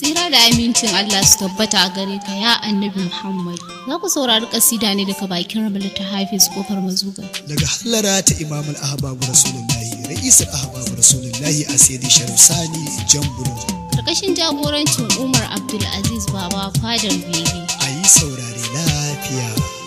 tsira da amincin Allah su tabbata a gare ka ya annabi Muhammad. Za ku saurari kasida ne daga bakin Rabala ta Hafiz kofar mazuga. Daga hallara ta Imam Al-Ahbabu Rasulullahi, Ra'isar Ahbabu Rasulullahi a Sayyidi Sani Jamburu. Karkashin jagorancin Umar Abdulaziz Baba Fadar Bege. A yi saurare lafiya.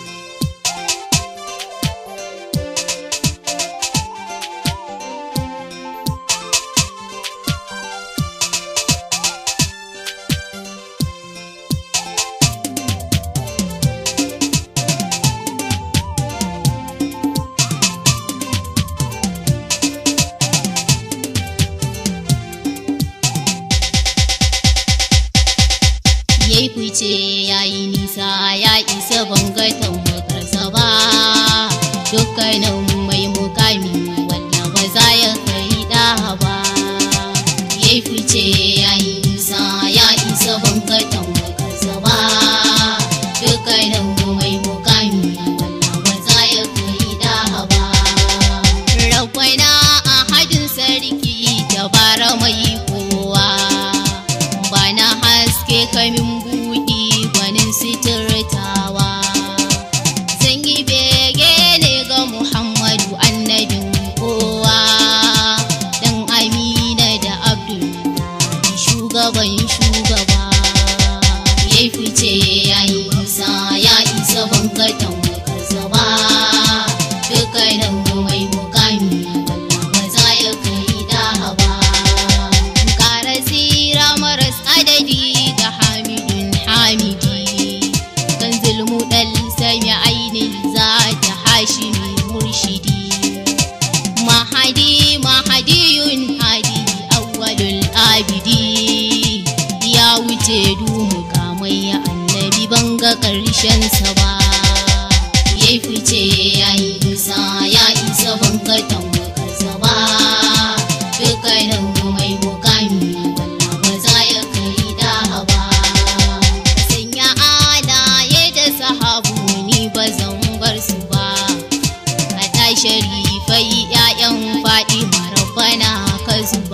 sin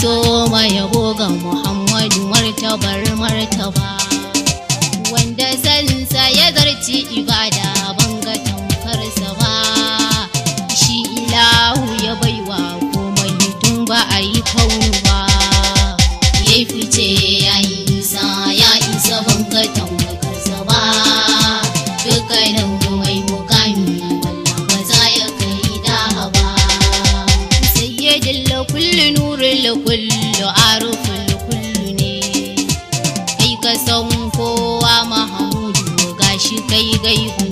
so ya ga muhammadu martabar martaba wanda sansa ya zarci ibada kullu kullu aruful kullu ne kai ka san kowa mahamudu gashi kai gaihu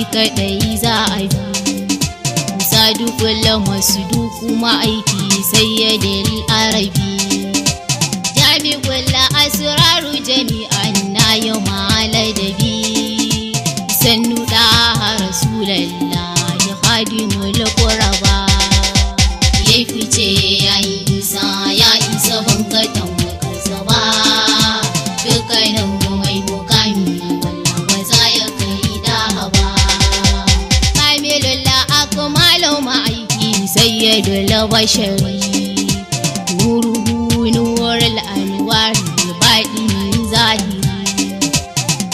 shi kadai za a bi musa dukwalla masu duku ma'aiki sai ya dari arabi jami'ulla asiraru jami'an na yau da labashin wurwunuwar la'aniwar baɗi zahi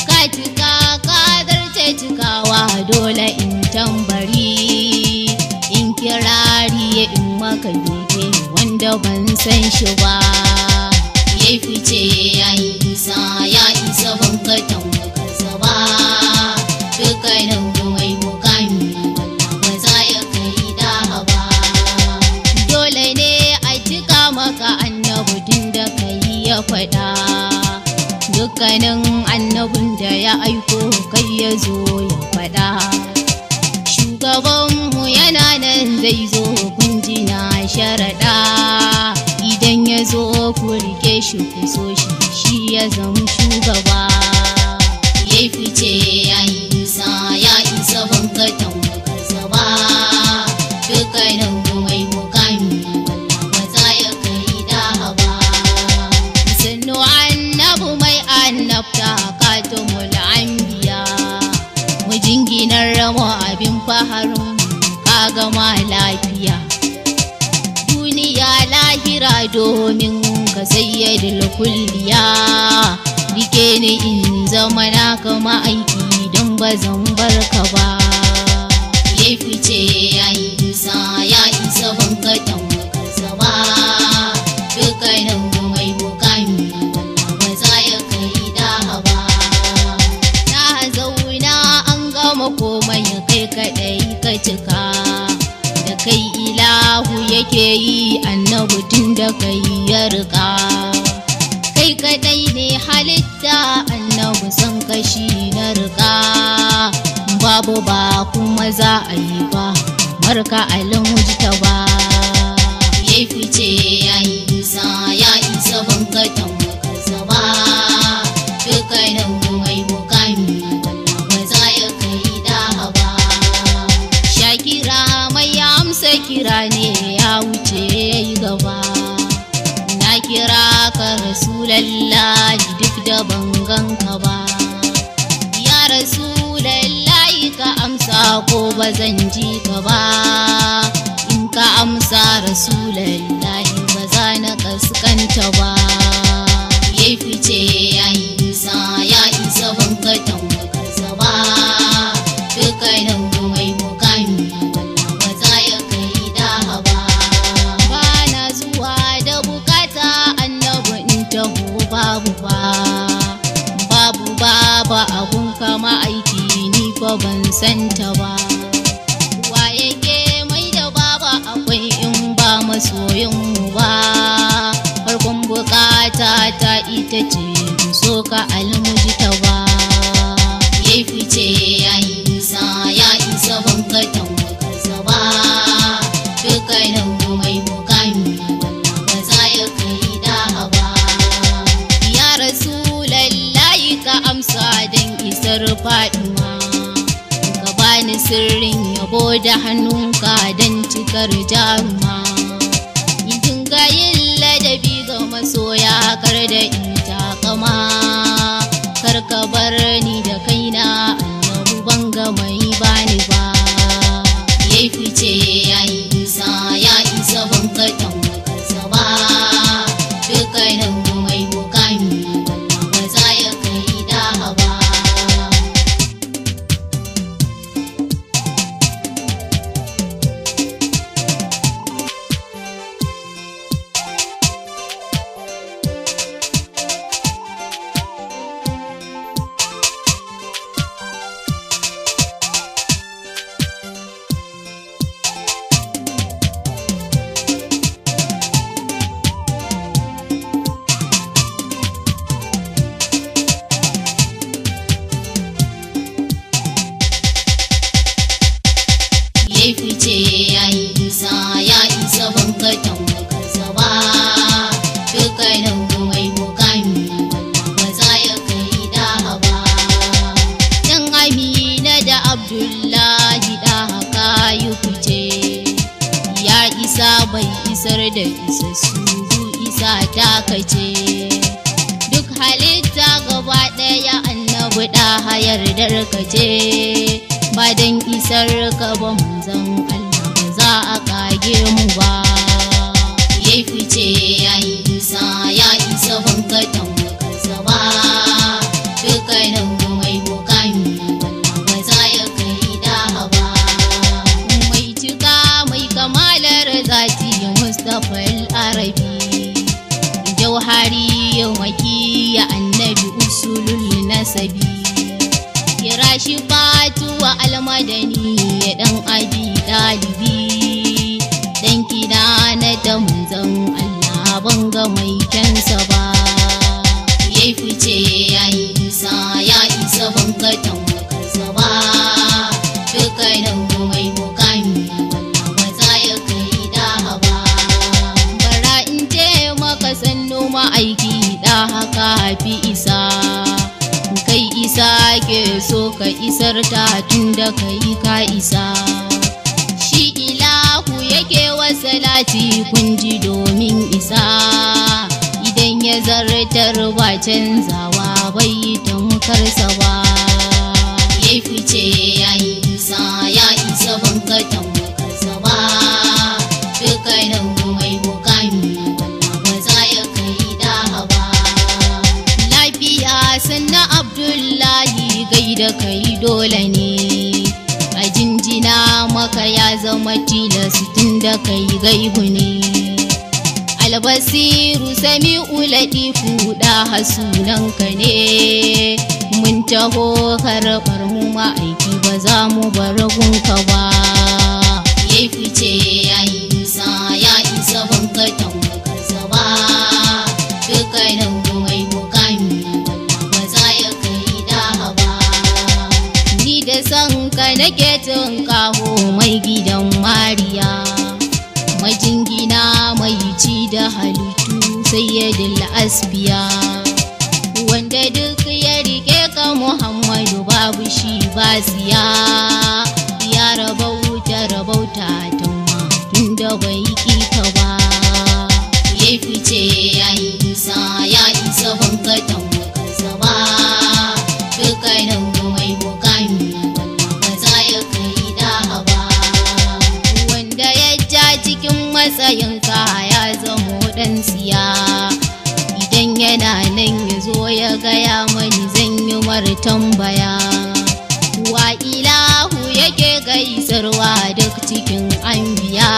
ka cika kadar ce cikawa dole in tambari in kirari ya in maka duke wanda ban san shi ba gama lafiya duniya lahira domin ka sayyadil kulliya rike ni in zama na kama aiki don bazan barka ba yi annabu tun da kai ya riƙa kai kadai ne halitta annabu san kashi na riƙa babu ba kuma za a yi ba marka ta ba ya fice ya yi isa ya isa ban ganka ba ya rasulallahi ka amsa ko ba zan ji ka ba in ka amsa rasulallahi ba za na kaskanta ban ban santa ba wa yake mai da baba akwai in ba masoyin ba farkon bukata ta ita ce so ka almu sirrin yabo da hannunka don cikar jaruma yin ladabi ga masoya kar da in takama kar ka bar ni da kaina annabu ban ga mai bani ba yayi fice fice ya isa ya isa ban ga tambakarsa ba dukkanin wai mukami ba za ya kai da ba yan amina da abdullahi da haka yi fice ya isa bai isar da isa su isa ta kace duk halitta gaba ɗaya annabi da hayar darkace ba isar gaban zan manzon Allah ba za a kage mu ba ya fice ya yi isa ya isa ban ka tambakarsa ba dukkanin mai mukami Allah ba za ya kai da ba mai cika mai kamalar zati Mustapha al-Arabi jauhari ya maki ya annabi usulul nasabi kira shi fatuwa almadani isa shi ilahu yake wasalati kun ji domin isa idan ya zartar ba canzawa bai sa ba ya fice ya isa ya isa banka sa ba dukkanin mai mukami ba za ya kai da ba lafiya sannan abdullahi gaida kai dole ne tilas sitin da kai gaihu ne albasiru sami ulaɗi fuda hasunanka ne mun taho karɓar mu ma'aiki ba za mu bar gunka ba ya fice ya yi isa ya isa banka tambakarsa ba dukkanin mai mukami ba za ya kai da ba ni da son ka nake tun kaho mai sayyidul asbiya wanda duk ya rike ka muhammadu babu shi ba siya ya rabauta rabauta ta da bai ki ka ba ya fice ya yi isa ya isa banka zaba ya ja cikin matsayin ya zama ɗan tsiya idan yana nan ya zo ya gaya mani zan yi mar tambaya wa ilahu yake gaisarwa duk cikin anbiya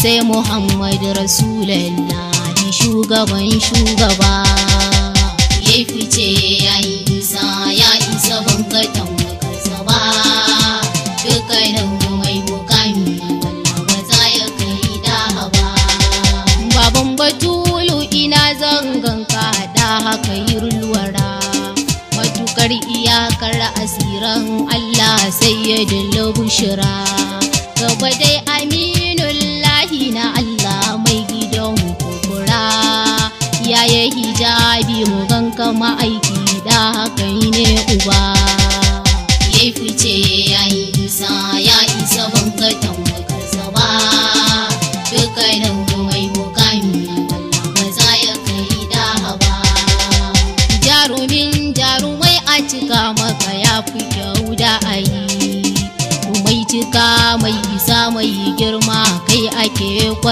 sai muhammadu rasulallah shugaban shugaba ya fice yi.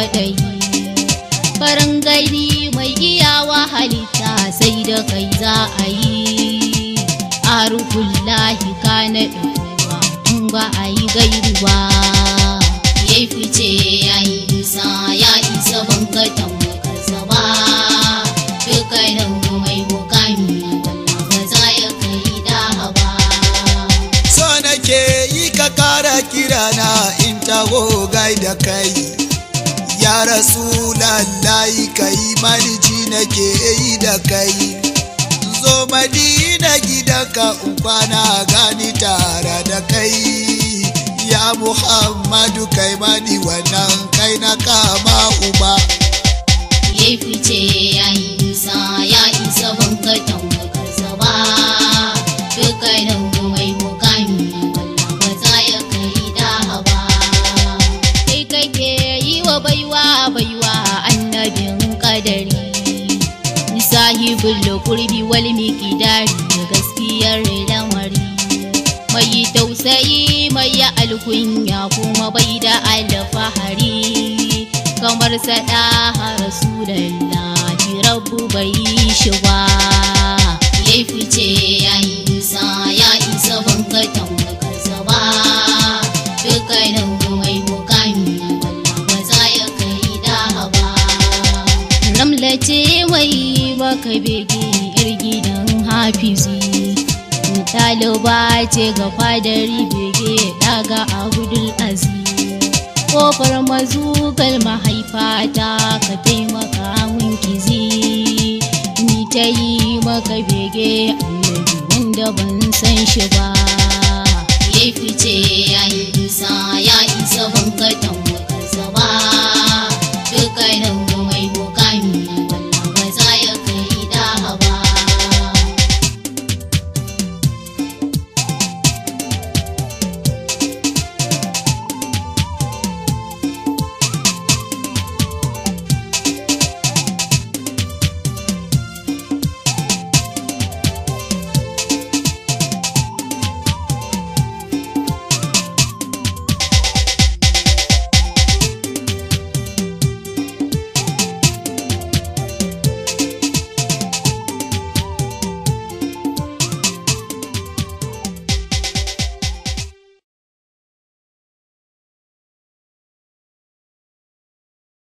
kwaɗayi farin gari mai iyawa halitta sai da kai za a yi a rukullahi ka na ɗuwa tun ba a yi gairuwa ba ya fice ya yi nisa ya isa ban ka tambakarsa ba ya kai ba so nake yi ka kara in taho gai da kai ya rasulallahi kai marci nake yi da kai zo madina gidanka ubana gani tare da kai ya muhammadu kai mani wana kamar sada rasulullahi rabbu bai shi ba Laifi ce ya isa ya isa ban ga tambakarsa ba dukkanin mai mukami ba za ya kai da ba ramla ce wai baka bege yar gidan hafizi ɗaliba ce ga fadari bege daga abdul aziz kofar mazugal mahaifata ka taimaka mun kizi ni ta yi maka bege annabi wanda ban san shi ba ya fice ya yi isa ya isa ban ka